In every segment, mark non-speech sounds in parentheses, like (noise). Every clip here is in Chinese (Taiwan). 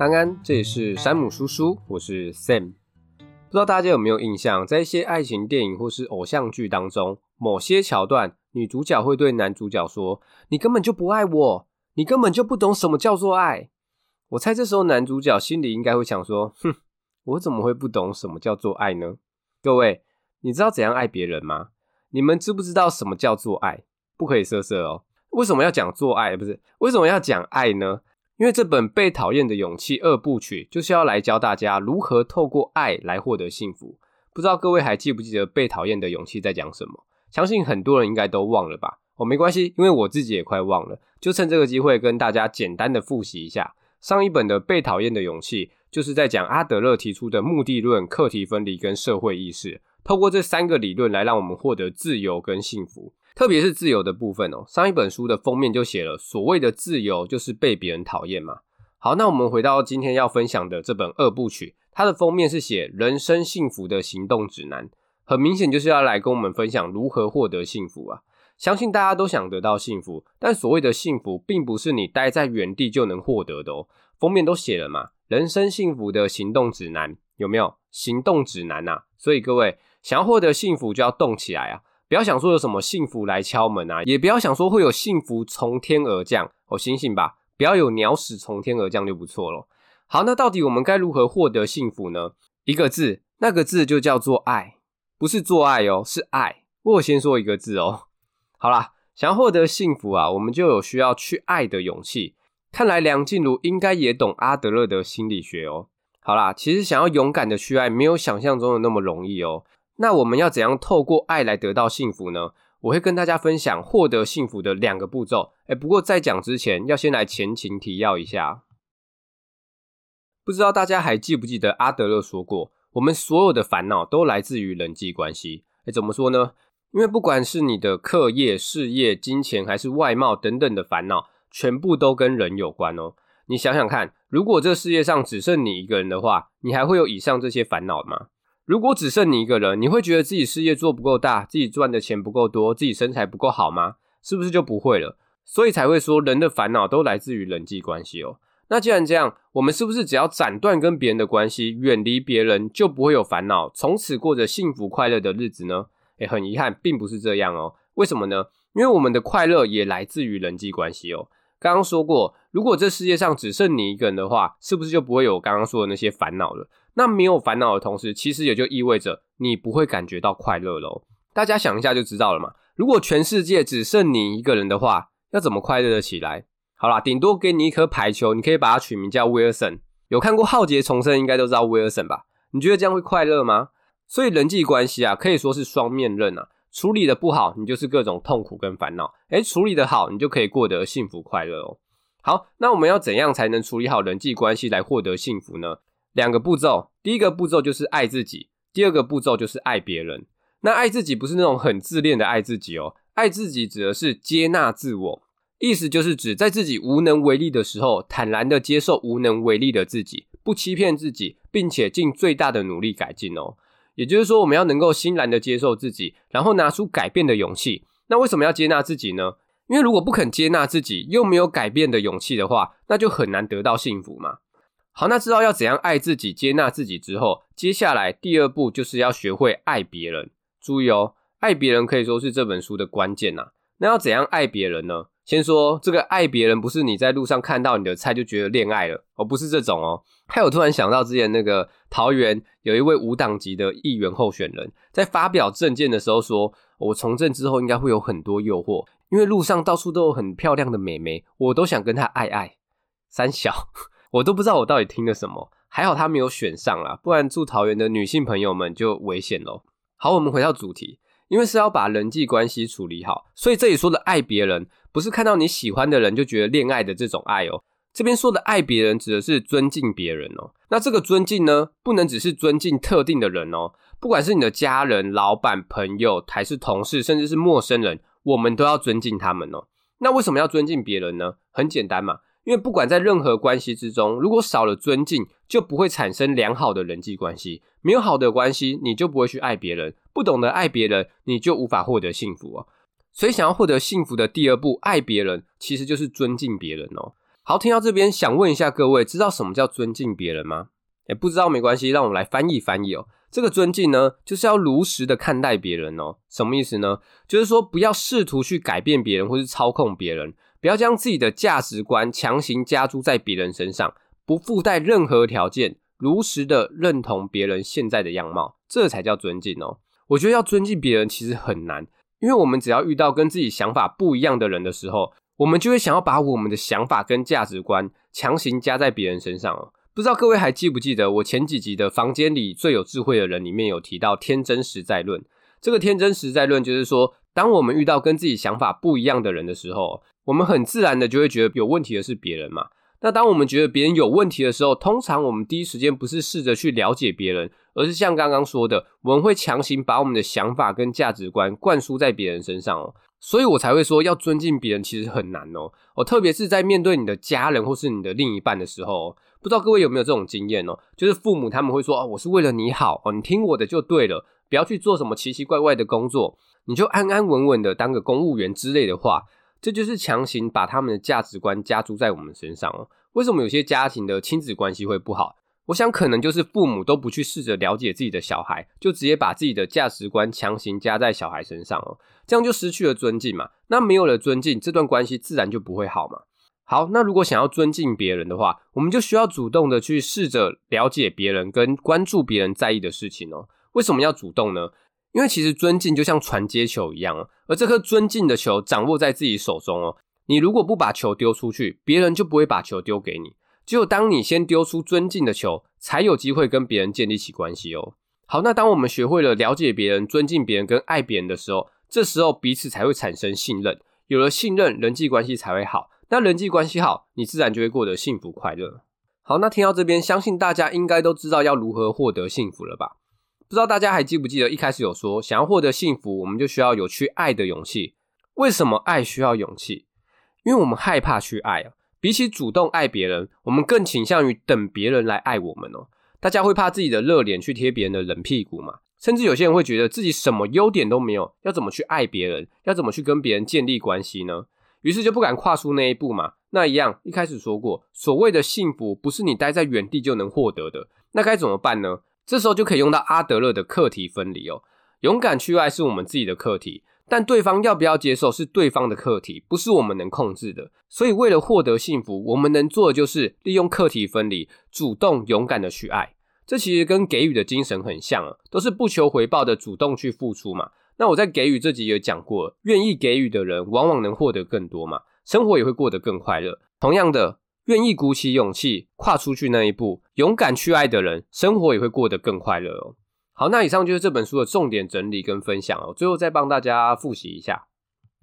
安安，這裡是山姆書書，我是 Sam。不知道大家有沒有印象，在一些愛情電影或是偶像劇當中，某些橋段，女主角會對男主角說：“你根本就不愛我，你根本就不懂什麼叫做愛。”我猜這時候男主角心裡應該會想說：“哼，我怎麼會不懂什麼叫做愛呢？”各位，你知道怎樣愛別人嗎？你們知不知道什麼叫做愛？不可以色色哦。為什麼要講做愛？不是，為什麼要講愛呢？因為這本《被討厭的勇氣》二部曲就是要來教大家如何透過愛來獲得幸福。不知道各位還記不記得《被討厭的勇氣》在講什麼？相信很多人應該都忘了吧。哦，沒關係，因為我自己也快忘了，就趁這個機會跟大家簡單的複習一下。上一本的《被討厭的勇氣》就是在講阿德勒提出的目的論、課題分離跟社會意識，透過這三個理論來讓我們獲得自由跟幸福。特別是自由的部分哦，上一本書的封面就寫了所謂的自由就是被別人討厭嘛。好，那我們回到今天要分享的這本二部曲，它的封面是寫“人生幸福的行動指南”，很明顯就是要來跟我們分享如何獲得幸福啊。相信大家都想得到幸福，但所謂的幸福並不是你待在原地就能獲得的哦。封面都寫了嘛，“人生幸福的行動指南”，有沒有？行動指南吶、啊！所以各位想要獲得幸福就要動起來啊！不要想說有什麼幸福來敲門啊，也不要想說會有幸福從天而降，哦，醒醒吧，不要有鳥屎從天而降就不錯咯。好，那到底我們該如何獲得幸福呢？一個字，那個字就叫做愛，不是做愛哦，是愛。我先說一個字哦。好啦，想要獲得幸福啊，我們就有需要去愛的勇氣。看來梁靜茹應該也懂阿德勒的心理學哦。好啦，其實想要勇敢的去愛，沒有想象中的那麼容易哦。那我們要怎樣透過愛來得到幸福呢？我會跟大家分享獲得幸福的兩個步驟。哎，不過在講之前，要先來前情提要一下。不知道大家還記不記得阿德勒說過，我們所有的煩惱都來自於人際關係。哎，怎麼說呢？因為不管是你的課業、事業、金錢，還是外貌等等的煩惱，全部都跟人有關哦。你想想看，如果這世界上只剩你一個人的話，你還會有以上這些煩惱嗎？如果只剩你一個人，你會覺得自己事業做不夠大，自己賺的錢不夠多，自己身材不夠好嗎？是不是就不會了？所以才會說，人的煩惱都來自於人際關係哦。那既然這樣，我們是不是只要斬斷跟別人的關係，遠離別人，就不會有煩惱，從此過着幸福快樂的日子呢？誒，很遺憾，並不是這樣哦。為什麼呢？因為我們的快樂也來自於人際關係哦。剛剛說過，如果這世界上只剩你一個人的話，是不是就不會有我剛剛說的那些煩惱了？那沒有煩惱的同時，其實也就意味着你不會感覺到快樂嘍哦。大家想一下就知道了嘛。如果全世界只剩你一個人的話，要怎麼快樂得起來？好啦，頂多給你一顆排球，你可以把它取名叫威爾森。有看過《浩劫重生》應該都知道威爾森吧？你覺得這樣會快樂嗎？所以人際關係啊，可以說是雙面刃啊。處理得不好，你就是各種痛苦跟煩惱；哎，處理得好，你就可以過得幸福快樂哦。好，那我們要怎樣才能處理好人際關係來獲得幸福呢？兩個步驟，第一個步驟就是愛自己，第二個步驟就是愛別人。那愛自己不是那種很自戀的愛自己哦，愛自己指的是接納自我，意思就是指在自己無能為力的時候，坦然的接受無能為力的自己，不欺騙自己，並且盡最大的努力改進哦。也就是說，我們要能夠欣然的接受自己，然後拿出改變的勇氣。那為什麼要接納自己呢？因為如果不肯接納自己，又沒有改變的勇氣的話，那就很難得到幸福嘛。好，那知道要怎樣愛自己、接納自己之後，接下來第二步就是要學會愛別人。注意哦，愛別人可以說是這本書的關鍵吶、啊。那要怎樣愛別人呢？先說這個愛別人，不是你在路上看到你的菜就覺得戀愛了，而、哦、不是這種哦。還有突然想到之前那個桃園有一位無黨籍的議員候選人，在發表政見的時候說：“哦、我從政之後應該會有很多誘惑，因為路上到處都有很漂亮的美眉，我都想跟她愛愛。”三小。 (laughs) 我都不知道我到底聽了什麼，還好他沒有選上啦。不然住桃園的女性朋友們就危險嘍。好，我們回到主題，因為是要把人際關係處理好，所以這裡說的愛別人，不是看到你喜歡的人就覺得戀愛的這種愛哦。這邊說的愛別人，指的是尊敬別人哦。那這個尊敬呢，不能只是尊敬特定的人哦，不管是你的家人、老闆、朋友，還是同事，甚至是陌生人，我們都要尊敬他們哦。那為什麼要尊敬別人呢？很簡單嘛。因為不管在任何關係之中，如果少了尊敬，就不會產生良好的人際關係。沒有好的關係，你就不會去愛別人；不懂得愛別人，你就無法獲得幸福哦，所以，想要獲得幸福的第二步，愛別人，其實就是尊敬別人哦。好，聽到這邊，想問一下各位，知道什麼叫尊敬別人嗎？誒，不知道沒關係，讓我們來翻譯翻譯哦。這個尊敬呢，就是要如實的看待別人哦。什麼意思呢？就是說不要試圖去改變別人，或是操控別人。不要將自己的價值觀強行加諸在別人身上，不附帶任何條件，如實的認同別人現在的樣貌，這才叫尊敬哦。我覺得要尊敬別人其實很難，因為我們只要遇到跟自己想法不一樣的人的時候，我們就會想要把我們的想法跟價值觀強行加在別人身上哦。不知道各位還記不記得我前幾集的《房間裡最有智慧的人》裡面有提到“天真實在論”，這個“天真實在論”就是說。當我們遇到跟自己想法不一樣的人的時候，我們很自然的就會覺得有問題的是別人嘛。那當我們覺得別人有問題的時候，通常我們第一時間不是試着去了解別人，而是像剛剛說的，我們會強行把我們的想法跟價值觀灌輸在別人身上哦。所以，我才會說要尊敬別人其實很難哦。哦，特別是在面對你的家人或是你的另一半的時候，不知道各位有沒有這種經驗哦？就是父母他們會說：“哦，我是為了你好哦，你聽我的就對了，不要去做什麼奇奇怪怪的工作。”你就安安穩穩的當個公務員之類的話，這就是強行把他們的價值觀加注在我們身上哦。為什麼有些家庭的親子關係會不好？我想可能就是父母都不去試着了解自己的小孩，就直接把自己的價值觀強行加在小孩身上哦。這樣就失去了尊敬嘛。那沒有了尊敬，這段關係自然就不會好嘛。好，那如果想要尊敬別人的話，我們就需要主動的去試着了解別人跟關注別人在意的事情哦。為什麼要主動呢？因為其實尊敬就像傳接球一樣哦，而這顆尊敬的球掌握在自己手中哦。你如果不把球丟出去，別人就不會把球丟給你。只有當你先丟出尊敬的球，才有機會跟別人建立起關係哦。好，那當我們學會了了解別人、尊敬別人跟愛別人的時候，這時候彼此才會產生信任。有了信任，人際關係才會好。那人際關係好，你自然就會過得幸福快樂。好，那聽到這邊，相信大家應該都知道要如何獲得幸福了吧？不知道大家還記不記得，一開始有說想要獲得幸福，我們就需要有去愛的勇氣。為什麼愛需要勇氣？因為我們害怕去愛啊。比起主動愛別人，我們更傾向於等別人來愛我們哦。大家會怕自己的熱臉去貼別人的冷屁股嘛？甚至有些人會覺得自己什麼優點都沒有，要怎麼去愛別人？要怎麼去跟別人建立關係呢？於是就不敢跨出那一步嘛。那一樣，一開始說過，所謂的幸福不是你待在原地就能獲得的。那該怎麼辦呢？這時候就可以用到阿德勒的課題分離哦。勇敢去愛是我們自己的課題，但對方要不要接受是對方的課題，不是我們能控制的。所以，為了獲得幸福，我們能做的就是利用課題分離，主動勇敢的去愛。這其實跟給予的精神很像，啊，都是不求回報的主動去付出嘛。那我在給予這集也講過，願意給予的人往往能獲得更多嘛，生活也會過得更快樂。同樣的。願意鼓起勇氣跨出去那一步，勇敢去愛的人，生活也會過得更快樂哦。好，那以上就是這本書的重點整理跟分享哦。最後再幫大家複習一下，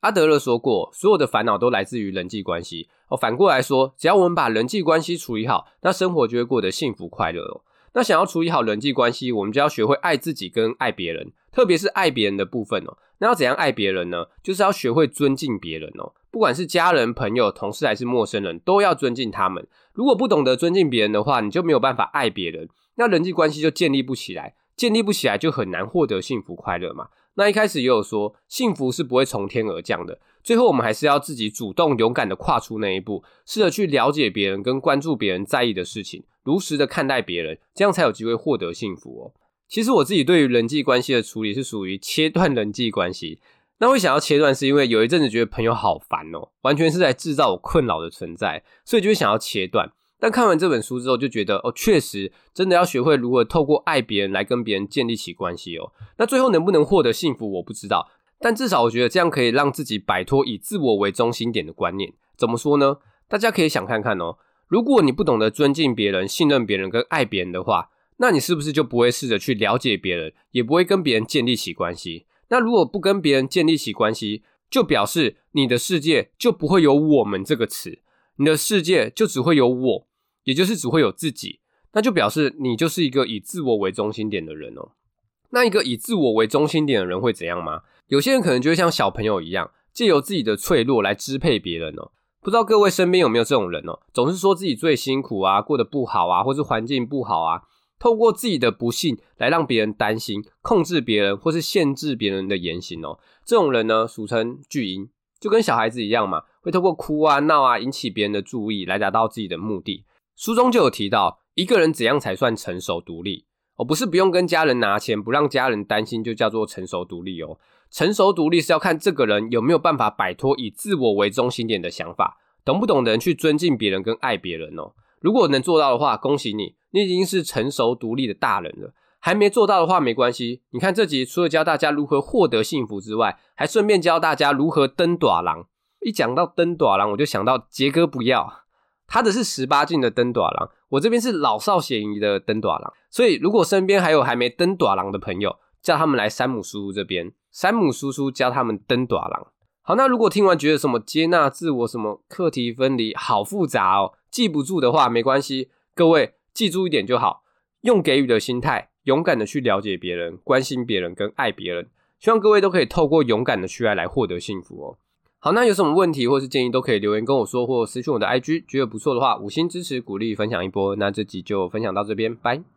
阿德勒說過，所有的煩惱都來自於人際關係哦。反過來說，只要我們把人際關係處理好，那生活就會過得幸福快樂哦。那想要處理好人際關係，我們就要學會愛自己跟愛別人，特別是愛別人的部分哦。那要怎樣愛別人呢？就是要學會尊敬別人哦。不管是家人、朋友、同事還是陌生人，都要尊敬他們。如果不懂得尊敬別人的話，你就沒有辦法愛別人，那人際關係就建立不起來，建立不起來就很難獲得幸福快樂嘛。那一開始也有說，幸福是不會從天而降的，最後我們還是要自己主動、勇敢的跨出那一步，試着去了解別人，跟關注別人在意的事情，如實的看待別人，這樣才有機會獲得幸福哦。其實我自己對於人際關係的處理是屬於切斷人際關係。那會想要切斷，是因為有一陣子覺得朋友好煩哦，完全是在製造我困擾的存在，所以就會想要切斷。但看完這本書之後，就覺得哦，確實真的要學會如何透過愛別人來跟別人建立起關係哦。那最後能不能獲得幸福，我不知道，但至少我覺得這樣可以讓自己擺脫以自我為中心點的觀念。怎麼說呢？大家可以想看看哦，如果你不懂得尊敬別人、信任別人跟愛別人的話，那你是不是就不會試着去了解別人，也不會跟別人建立起關係？那如果不跟別人建立起關係，就表示你的世界就不會有“我們”這個詞，你的世界就只會有我，也就是只會有自己。那就表示你就是一個以自我為中心點的人哦。那一個以自我為中心點的人會怎樣嗎？有些人可能就會像小朋友一樣，借由自己的脆弱來支配別人哦。不知道各位身邊有沒有這種人哦？總是說自己最辛苦啊，過得不好啊，或是環境不好啊。透過自己的不幸來讓別人擔心，控制別人或是限制別人的言行哦。這種人呢，俗稱巨嬰，就跟小孩子一樣嘛，會透過哭啊、鬧啊，引起別人的注意來達到自己的目的。書中就有提到，一個人怎樣才算成熟獨立？哦，不是不用跟家人拿錢，不讓家人擔心就叫做成熟獨立哦。成熟獨立是要看這個人有沒有辦法擺脫以自我為中心點的想法，懂不懂得去尊敬別人跟愛別人哦。如果能做到的話，恭喜你。你已經是成熟獨立的大人了，還沒做到的話沒關係。你看這集除了教大家如何獲得幸福之外，還順便教大家如何轉大人。一講到轉大人，我就想到傑哥不要，他的是十八禁的轉大人。我這邊是老少咸宜的轉大人，所以如果身邊還有還沒轉大人的朋友，叫他們來山姆叔叔這邊，山姆叔叔教他們轉大人。好，那如果聽完覺得什麼接納自我、什麼課題分離好複雜哦，記不住的話沒關係，各位，記住一點就好，用給予的心態，勇敢的去了解別人、關心別人跟愛別人。希望各位都可以透過勇敢的去愛來獲得幸福哦。好，那有什麼問題或是建議都可以留言跟我說，或私訊我的 IG。覺得不錯的話，五星支持、鼓勵、分享一波。那這集就分享到這邊，拜。